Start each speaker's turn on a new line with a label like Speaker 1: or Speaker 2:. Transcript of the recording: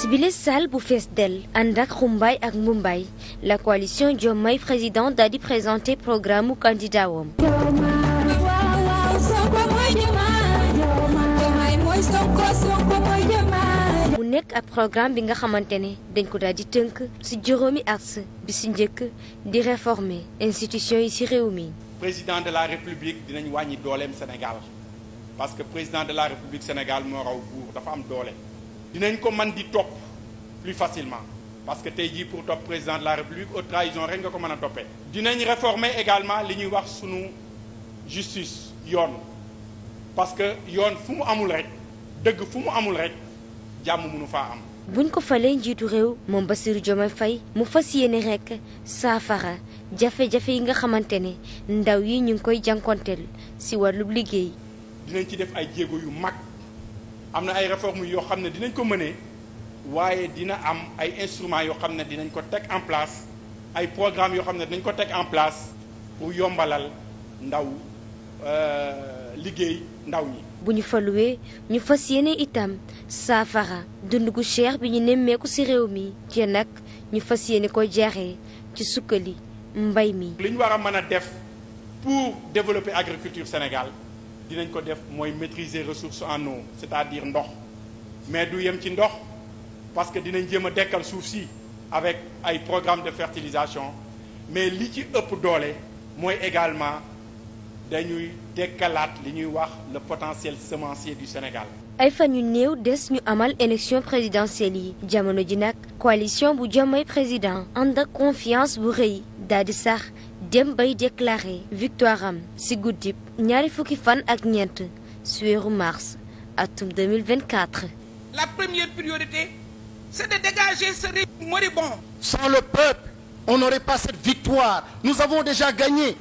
Speaker 1: si bile bu fees dell ànd ak xumbaay ak mbumbaay la coalition Diomaye président daal di présenté programme candidat nekk ak programme bi nga xamante ne dañ ko daal di tënk ci juróomi ars bi ci njëkk di réformer institution yi ci réew mi.
Speaker 2: président de la république dinañ wàññi dooleem Sénégal parce que président de la république Sénégal moo raw buur dafa am doole. dinañ ko man di topp plus facilement parce que tey jii pour topp président de la république haute trahison rek nga ko mën a toppee. dinañ réformer également li ñuy wax sunu justice yoon parce que yoon fu mu amul rek dëgg fu mu amul rek jàmm mënu faa am.
Speaker 1: buñ ko falee jiitu réew moom ba Bassirou Diomaye Faye mu fas yéene rek saafara jafe-jafe yi nga xamante ne ndaw yi ñu ngi koy jànkonteel si wàllub liggéey.
Speaker 2: dinañ ci def ay jéego yu mag. am na ay réformes yoo xam ne dinañ ko mënee waaye dina am ay instruments yoo xam ne dinañ ko teg en place ay programmes yoo xam ne dinañ ko teg en place pour yombalal ndaw euh, liggéey ndaw ñi.
Speaker 1: bu ñu faluwee ñu fas yéene itam saafara dund gu cher bi ñu nemmeeku ci réew mi te nag ñu fas yéene ko jaaxee ci sukkali mbay mi.
Speaker 2: li ñu war a mën a def pour développer agriculture Sénégal. dinañ ko def mooy maîtriser ressource en eau cest à diir ndox mais du yem ci ndox parce que dinañ jéem a dekkal suuf si avec ay programme de fertilisation mais li ci ëpp doole mooy également dañuy dekkalaat li ñuy wax le potentiel semencier du Sénégal.
Speaker 1: ay fan yu néew des ñu amal élection présidentielle yi jamono ji nag coalition bu Diomaye président ànd ak confiance bu rëy daal di sax. dem bay déclaré victoire am ci guddib ñaari fukki fan ak ñent ci weeru mars atum
Speaker 2: La première priorité c'est de dégager ce régime moribond. Sans le peuple, on n'aurait pas cette victoire. Nous avons déjà gagné.